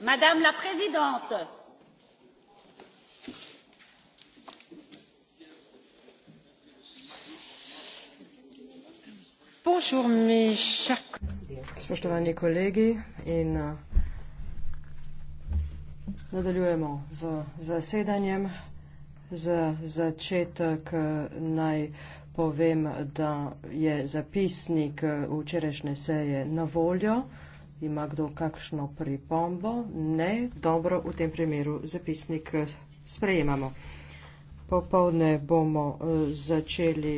madame la présidente spoštovani kolegi in uh, nadaljujemo z zasedanjem za začetek uh, naj povem da je zapisnik uh, včerajšnje seje na voljo ima kdo kakšno pripombo? Ne, dobro, v tem primeru zapisnik eh, sprejemamo. Popovdne bomo eh, začeli.